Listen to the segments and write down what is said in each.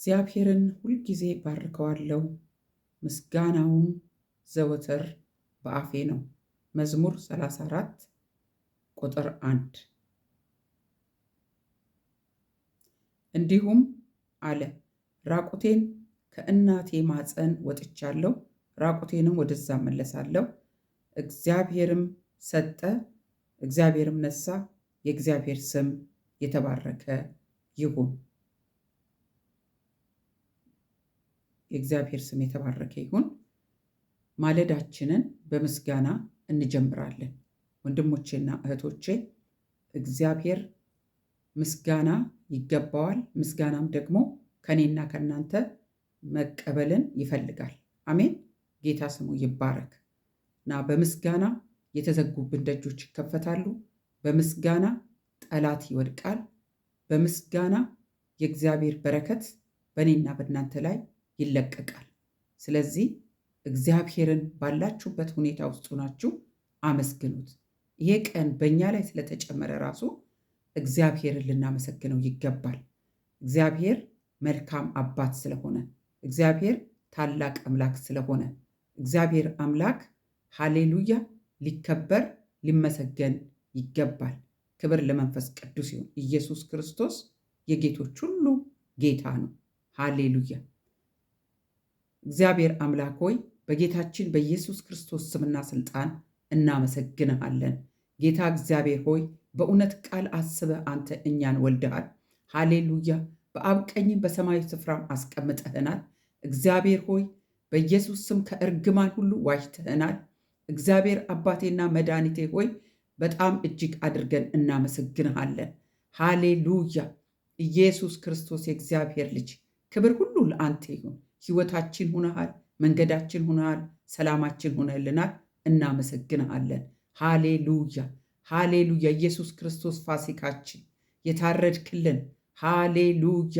እግዚአብሔርን ሁልጊዜ ባርከዋለሁ፣ ምስጋናውም ዘወትር በአፌ ነው። መዝሙር 34 ቁጥር 1። እንዲሁም አለ ራቁቴን ከእናቴ ማፀን ወጥቻለሁ፣ ራቁቴንም ወደዛ መለሳለሁ። እግዚአብሔርም ሰጠ፣ እግዚአብሔርም ነሳ፣ የእግዚአብሔር ስም የተባረከ ይሁን። የእግዚአብሔር ስም የተባረከ ይሁን። ማለዳችንን በምስጋና እንጀምራለን። ወንድሞቼና እህቶቼ እግዚአብሔር ምስጋና ይገባዋል። ምስጋናም ደግሞ ከእኔና ከእናንተ መቀበልን ይፈልጋል። አሜን። ጌታ ስሙ ይባረክ እና በምስጋና የተዘጉብን ደጆች ይከፈታሉ። በምስጋና ጠላት ይወድቃል። በምስጋና የእግዚአብሔር በረከት በእኔና በእናንተ ላይ ይለቀቃል። ስለዚህ እግዚአብሔርን ባላችሁበት ሁኔታ ውስጥ ሆናችሁ አመስግኑት። ይሄ ቀን በእኛ ላይ ስለተጨመረ ራሱ እግዚአብሔርን ልናመሰግነው ይገባል። እግዚአብሔር መልካም አባት ስለሆነ፣ እግዚአብሔር ታላቅ አምላክ ስለሆነ እግዚአብሔር አምላክ ሃሌሉያ ሊከበር ሊመሰገን ይገባል። ክብር ለመንፈስ ቅዱስ ይሁን። ኢየሱስ ክርስቶስ የጌቶች ሁሉ ጌታ ነው። ሃሌሉያ እግዚአብሔር አምላክ ሆይ በጌታችን በኢየሱስ ክርስቶስ ስምና ስልጣን እናመሰግንሃለን። ጌታ እግዚአብሔር ሆይ በእውነት ቃል አስበ አንተ እኛን ወልደሃል። ሃሌሉያ። በአብ ቀኝም በሰማያዊ ስፍራም አስቀምጠህናል። እግዚአብሔር ሆይ በኢየሱስ ስም ከእርግማን ሁሉ ዋጅተህናል። እግዚአብሔር አባቴና መድኃኒቴ ሆይ በጣም እጅግ አድርገን እናመሰግንሃለን። ሃሌሉያ። ኢየሱስ ክርስቶስ የእግዚአብሔር ልጅ ክብር ሁሉ ለአንተ ይሁን። ህይወታችን ሁነሃል፣ መንገዳችን ሁነሃል፣ ሰላማችን ሁነልናል። እናመሰግንሃለን። ሃሌሉያ ሃሌሉያ። ኢየሱስ ክርስቶስ ፋሲካችን፣ የታረድክልን፣ ሃሌሉያ፣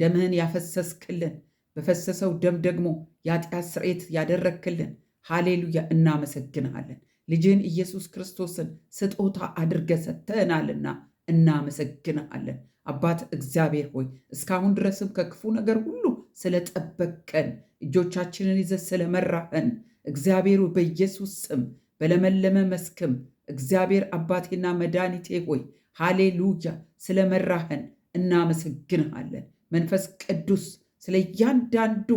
ደምህን ያፈሰስክልን፣ በፈሰሰው ደም ደግሞ የኃጢአት ስርየት ያደረግክልን፣ ሃሌሉያ፣ እናመሰግንሃለን። ልጅህን ኢየሱስ ክርስቶስን ስጦታ አድርገ ሰጥተህናልና እናመሰግንሃለን። አባት እግዚአብሔር ሆይ እስካሁን ድረስም ከክፉ ነገር ሁሉ ስለጠበቀን እጆቻችንን ይዘ ስለመራህን እግዚአብሔር በኢየሱስ ስም በለመለመ መስክም እግዚአብሔር አባቴና መድኃኒቴ ሆይ ሃሌሉያ ስለመራህን እናመሰግንሃለን። መንፈስ ቅዱስ ስለ እያንዳንዱ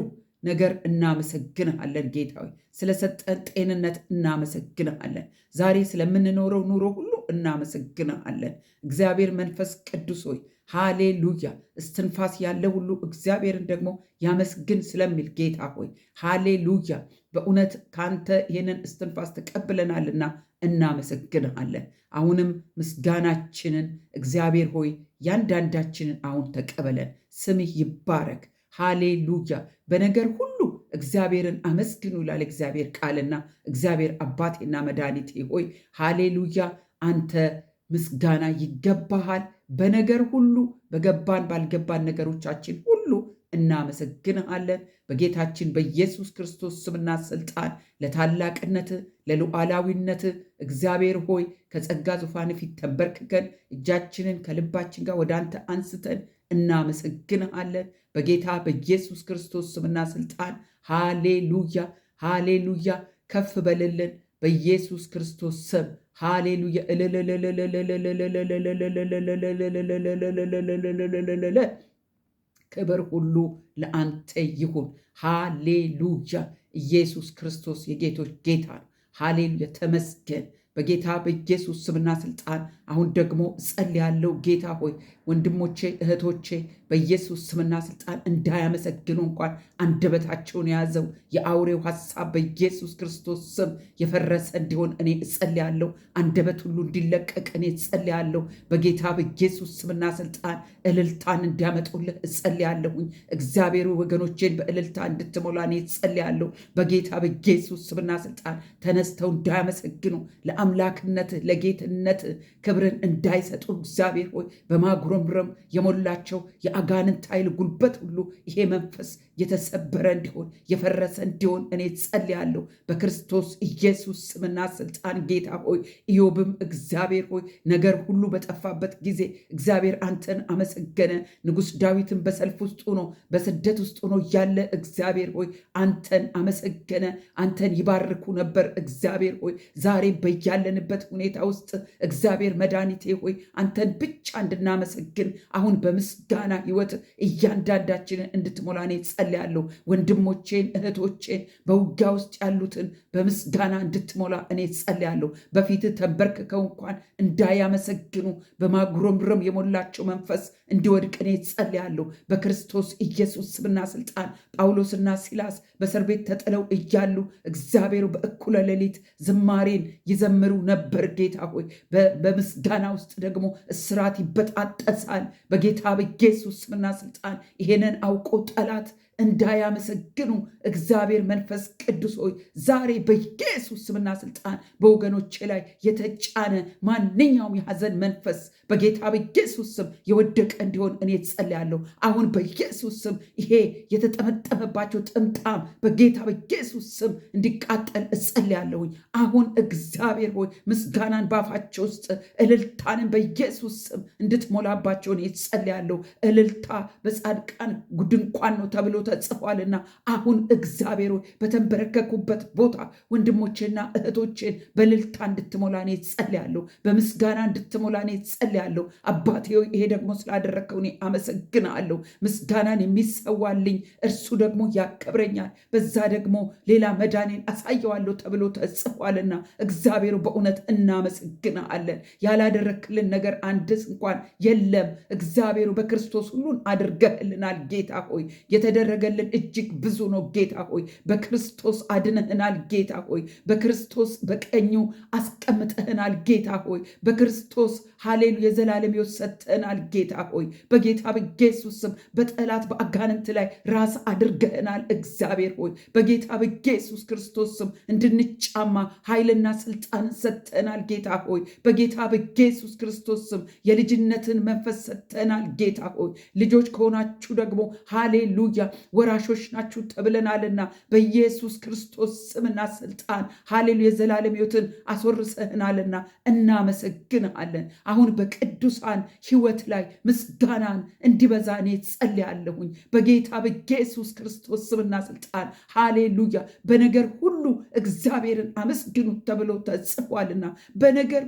ነገር እናመሰግንሃለን። ጌታ ስለሰጠን ጤንነት እናመሰግንሃለን። ዛሬ ስለምንኖረው ኑሮ ሁሉ እናመሰግናለን። እግዚአብሔር መንፈስ ቅዱስ ሆይ ሃሌሉያ እስትንፋስ ያለ ሁሉ እግዚአብሔርን ደግሞ ያመስግን ስለሚል ጌታ ሆይ ሃሌሉያ በእውነት ከአንተ ይህንን እስትንፋስ ተቀብለናልና እናመሰግንሃለን። አሁንም ምስጋናችንን እግዚአብሔር ሆይ ያንዳንዳችንን አሁን ተቀበለን። ስምህ ይባረክ። ሃሌሉያ በነገር ሁሉ እግዚአብሔርን አመስግኑ ይላል እግዚአብሔር ቃልና እግዚአብሔር አባቴና መድኃኒቴ ሆይ ሃሌሉያ አንተ ምስጋና ይገባሃል። በነገር ሁሉ በገባን ባልገባን ነገሮቻችን ሁሉ እናመሰግንሃለን። በጌታችን በኢየሱስ ክርስቶስ ስምና ስልጣን ለታላቅነት ለሉዓላዊነት እግዚአብሔር ሆይ ከጸጋ ዙፋን ፊት ተንበርክከን እጃችንን ከልባችን ጋር ወደ አንተ አንስተን እናመሰግንሃለን። በጌታ በኢየሱስ ክርስቶስ ስምና ስልጣን ሃሌሉያ፣ ሃሌሉያ። ከፍ በልልን በኢየሱስ ክርስቶስ ስም ሃሌሉያ። ክብር ሁሉ ለአንተ ይሁን። ሃሌሉያ። ኢየሱስ ክርስቶስ የጌቶች ጌታ ነው። ሃሌሉያ። ተመስገን። በጌታ በኢየሱስ ስምና ስልጣን አሁን ደግሞ እጸልያለሁ። ጌታ ሆይ ወንድሞቼ እህቶቼ በኢየሱስ ስምና ስልጣን እንዳያመሰግኑ እንኳን አንደበታቸውን የያዘው የአውሬው ሐሳብ በኢየሱስ ክርስቶስ ስም የፈረሰ እንዲሆን እኔ እጸልያለሁ። አንደበት ሁሉ እንዲለቀቅ እኔ እጸልያለሁ። በጌታ በኢየሱስ ስምና ስልጣን እልልታን እንዲያመጡልህ እጸልያለሁኝ። እግዚአብሔር ወገኖቼን በእልልታ እንድትሞላ እኔ እጸልያለሁ። በጌታ በኢየሱስ ስምና ስልጣን ተነስተው እንዳያመሰግኑ አምላክነት ለጌትነት ክብርን እንዳይሰጡ እግዚአብሔር ሆይ በማጉረምረም የሞላቸው የአጋንንት ኃይል ጉልበት ሁሉ ይሄ መንፈስ የተሰበረ እንዲሆን የፈረሰ እንዲሆን እኔ ጸልያለሁ በክርስቶስ ኢየሱስ ስምና ስልጣን። ጌታ ሆይ ኢዮብም እግዚአብሔር ሆይ ነገር ሁሉ በጠፋበት ጊዜ እግዚአብሔር አንተን አመሰገነ። ንጉሥ ዳዊትን በሰልፍ ውስጥ ሆኖ በስደት ውስጥ ሆኖ ያለ እግዚአብሔር ሆይ አንተን አመሰገነ። አንተን ይባርኩ ነበር እግዚአብሔር ሆይ ዛሬ በያለንበት ሁኔታ ውስጥ እግዚአብሔር መድኃኒቴ ሆይ አንተን ብቻ እንድናመሰግን አሁን በምስጋና ሕይወት እያንዳንዳችንን እንድትሞላ እኔ ጸልያለሁ። ወንድሞቼን እህቶቼን፣ በውጊያ ውስጥ ያሉትን በምስጋና እንድትሞላ እኔ ጸልያለሁ። በፊት ተንበርክከው እንኳን እንዳያመሰግኑ በማጉረምረም የሞላቸው መንፈስ እንዲወድቅ እኔ ጸልያለሁ። በክርስቶስ ኢየሱስ ስምና ስልጣን ጳውሎስና ሲላስ በእስር ቤት ተጥለው እያሉ እግዚአብሔር በእኩለ ሌሊት ዝማሬን ይዘምሩ ነበር። ጌታ ሆይ በምስጋና ውስጥ ደግሞ እስራት ይበጣጠሳል። በጌታ በኢየሱስ ስምና ስልጣን ይሄንን አውቆ ጠላት እንዳያመሰግኑ እግዚአብሔር መንፈስ ቅዱስ ሆይ ዛሬ በኢየሱስ ስምና ስልጣን በወገኖቼ ላይ የተጫነ ማንኛውም የሐዘን መንፈስ በጌታ በኢየሱስ ስም የወደቀ እንዲሆን እኔ ጸልያለሁ። አሁን በኢየሱስ ስም ይሄ የተጠመጠመባቸው ጥምጣም በጌታ በኢየሱስ ስም እንዲቃጠል እጸልያለሁኝ። አሁን እግዚአብሔር ሆይ ምስጋናን ባፋቸው ውስጥ እልልታንን በኢየሱስ ስም እንድትሞላባቸው እኔ ጸልያለሁ። እልልታ በጻድቃን ድንኳን ነው ተብሎ ተጽፏልና አሁን እግዚአብሔር በተንበረከኩበት ቦታ ወንድሞቼና እህቶቼን በልልታ እንድትሞላ እኔ ጸልያለሁ። በምስጋና እንድትሞላ እኔ ጸልያለሁ። አባቴ ይሄ ደግሞ ስላደረግከው እኔ አመሰግናለሁ። ምስጋናን የሚሰዋልኝ እርሱ ደግሞ ያከብረኛል፣ በዛ ደግሞ ሌላ መዳኔን አሳየዋለሁ ተብሎ ተጽፏልና እግዚአብሔሩ በእውነት እናመሰግናለን። ያላደረክልን ነገር አንድስ እንኳን የለም። እግዚአብሔሩ በክርስቶስ ሁሉን አድርገህልናል። ጌታ ሆይ የተደረ ያደረገልን እጅግ ብዙ ነው። ጌታ ሆይ በክርስቶስ አድነህናል። ጌታ ሆይ በክርስቶስ በቀኙ አስቀምጠህናል። ጌታ ሆይ በክርስቶስ ሀሌሉ የዘላለም ሕይወት ሰጥተህናል። ጌታ ሆይ በጌታ በኢየሱስ ስም በጠላት በአጋንንት ላይ ራስ አድርገህናል። እግዚአብሔር ሆይ በጌታ በኢየሱስ ክርስቶስ ስም እንድንጫማ ኃይልና ስልጣን ሰጥተህናል። ጌታ ሆይ በጌታ በኢየሱስ ክርስቶስ ስም የልጅነትን መንፈስ ሰጥተህናል። ጌታ ሆይ ልጆች ከሆናችሁ ደግሞ ሃሌሉያ ወራሾች ናችሁ ተብለናልና በኢየሱስ ክርስቶስ ስምና ስልጣን ሀሌሉ የዘላለም ሕይወትን አስወርሰህናልና እናመሰግንሃለን። አሁን በቅዱሳን ሕይወት ላይ ምስጋናን እንዲበዛ እኔ ጸልያለሁኝ በጌታ በኢየሱስ ክርስቶስ ስምና ስልጣን ሃሌሉያ። በነገር ሁሉ እግዚአብሔርን አመስግኑት ተብሎ ተጽፏልና በነገር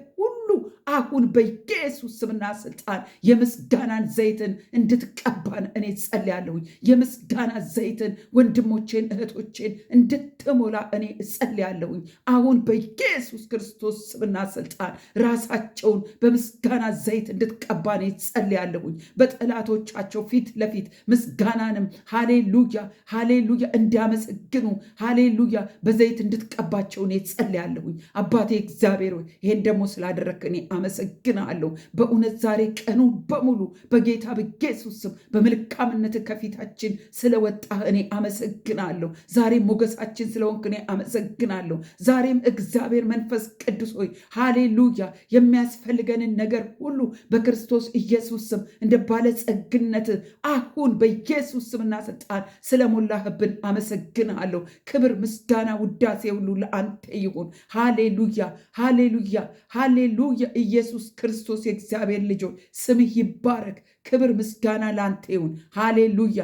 አሁን በኢየሱስ ስምና ስልጣን የምስጋናን ዘይትን እንድትቀባን እኔ ጸልያለሁኝ። የምስጋና ዘይትን ወንድሞቼን እህቶቼን እንድትሞላ እኔ እጸልያለሁኝ። አሁን በኢየሱስ ክርስቶስ ስምና ስልጣን ራሳቸውን በምስጋና ዘይት እንድትቀባ እኔ ጸልያለሁኝ። በጠላቶቻቸው ፊት ለፊት ምስጋናንም ሃሌሉያ ሃሌሉያ እንዲያመሰግኑ ሃሌሉያ በዘይት እንድትቀባቸው እኔ ጸልያለሁኝ። አባቴ እግዚአብሔር ይሄን ደግሞ ስላደረክ እኔ አመሰግናለሁ። በእውነት ዛሬ ቀኑ በሙሉ በጌታ በኢየሱስ ስም በመልካምነት ከፊታችን ስለወጣህ እኔ አመሰግናለሁ። ዛሬም ሞገሳችን ስለሆንክ እኔ አመሰግናለሁ። ዛሬም እግዚአብሔር መንፈስ ቅዱስ ሆይ ሃሌሉያ፣ የሚያስፈልገንን ነገር ሁሉ በክርስቶስ ኢየሱስ ስም እንደ ባለጸግነት አሁን በኢየሱስ ስምና ስልጣን ስለሞላህብን አመሰግናለሁ። ክብር፣ ምስጋና፣ ውዳሴ ሁሉ ለአንተ ይሁን። ሃሌሉያ፣ ሃሌሉያ፣ ሃሌሉያ ኢየሱስ ክርስቶስ የእግዚአብሔር ልጆች ስምህ ይባረክ። ክብር ምስጋና ለአንተ ይሁን። ሃሌሉያ።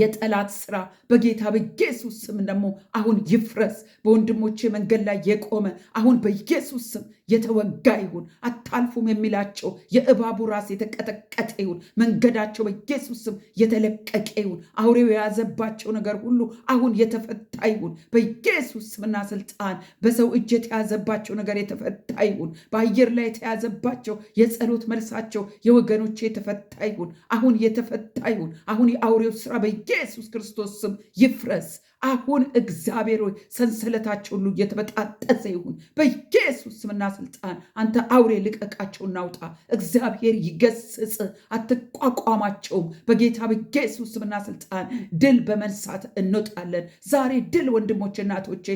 የጠላት ስራ በጌታ በኢየሱስ ስም ደግሞ አሁን ይፍረስ። በወንድሞቼ መንገድ ላይ የቆመ አሁን በኢየሱስ ስም የተወጋ ይሁን፣ አታልፉም የሚላቸው የእባቡ ራስ የተቀጠቀጠ ይሁን፣ መንገዳቸው በኢየሱስ ስም የተለቀቀ ይሁን። አውሬው የያዘባቸው ነገር ሁሉ አሁን የተፈታ ይሁን በኢየሱስ ስምና ስልጣን። በሰው እጅ የተያዘባቸው ነገር የተፈታ ይሁን። በአየር ላይ የተያዘባቸው የጸሎት መልሳቸው የወገኖች የተፈታ ይሁን፣ አሁን የተፈታ ይሁን። አሁን የአውሬው ስራ በኢየሱስ ክርስቶስ ስም ይፍረስ። አሁን እግዚአብሔር ሆይ ሰንሰለታቸው ሁሉ እየተበጣጠሰ ይሁን በኢየሱስ ስምና ስልጣን። አንተ አውሬ ልቀቃቸው፣ እናውጣ። እግዚአብሔር ይገስጽ፣ አትቋቋማቸውም። በጌታ በኢየሱስ ስምና ስልጣን ድል በመንሳት እንወጣለን። ዛሬ ድል ወንድሞቼ፣ እናቶቼ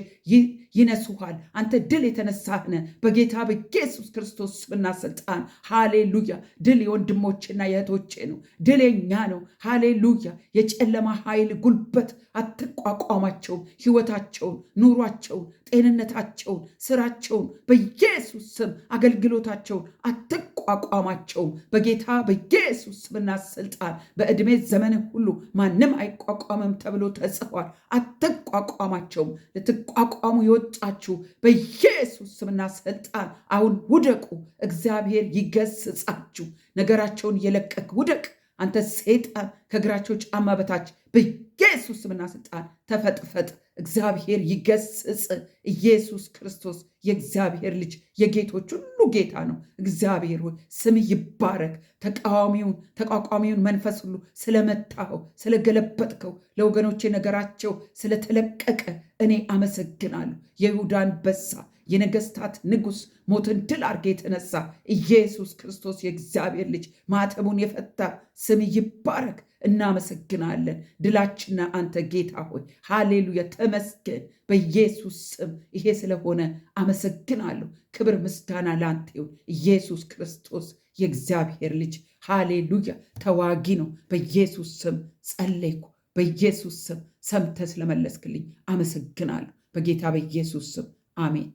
ይነሱሃል። አንተ ድል የተነሳህነ በጌታ በኢየሱስ ክርስቶስ ስምና ስልጣን። ሃሌሉያ! ድል የወንድሞቼና የእህቶቼ ነው። ድል የኛ ነው። ሃሌሉያ! የጨለማ ኃይል ጉልበት አትቋቋም ተቋማቸውን፣ ህይወታቸውን፣ ኑሯቸውን፣ ጤንነታቸውን፣ ስራቸውን በኢየሱስ ስም አገልግሎታቸውን አትቋቋማቸውም። በጌታ በኢየሱስ ስምና ስልጣን በዕድሜ ዘመን ሁሉ ማንም አይቋቋምም ተብሎ ተጽፏል። አትቋቋማቸውም። ልትቋቋሙ የወጣችሁ በኢየሱስ ስምና ስልጣን አሁን ውደቁ። እግዚአብሔር ይገስጻችሁ። ነገራቸውን የለቀቅ ውደቅ አንተ ሰይጣን ከእግራቸው ጫማ በታች በኢየሱስ ስምና ስልጣን ተፈጥፈጥ። እግዚአብሔር ይገስጽ። ኢየሱስ ክርስቶስ የእግዚአብሔር ልጅ የጌቶች ሁሉ ጌታ ነው። እግዚአብሔር ስም ይባረክ። ተቃዋሚውን ተቋቋሚውን መንፈስ ሁሉ ስለመታኸው፣ ስለገለበጥከው፣ ለወገኖቼ ነገራቸው ስለተለቀቀ እኔ አመሰግናለሁ። የይሁዳ አንበሳ የነገስታት ንጉስ ሞትን ድል አድርጌ የተነሳ ኢየሱስ ክርስቶስ የእግዚአብሔር ልጅ ማዕተቡን የፈታ ስም ይባረክ። እናመሰግናለን። ድላችና አንተ ጌታ ሆይ ሃሌሉያ፣ ተመስገን። በኢየሱስ ስም ይሄ ስለሆነ አመሰግናለሁ። ክብር ምስጋና ለአንተ ይሁን። ኢየሱስ ክርስቶስ የእግዚአብሔር ልጅ ሃሌሉያ፣ ተዋጊ ነው። በኢየሱስ ስም ጸለይኩ። በኢየሱስ ስም ሰምተ ስለመለስክልኝ አመሰግናለሁ። በጌታ በኢየሱስ ስም አሜን።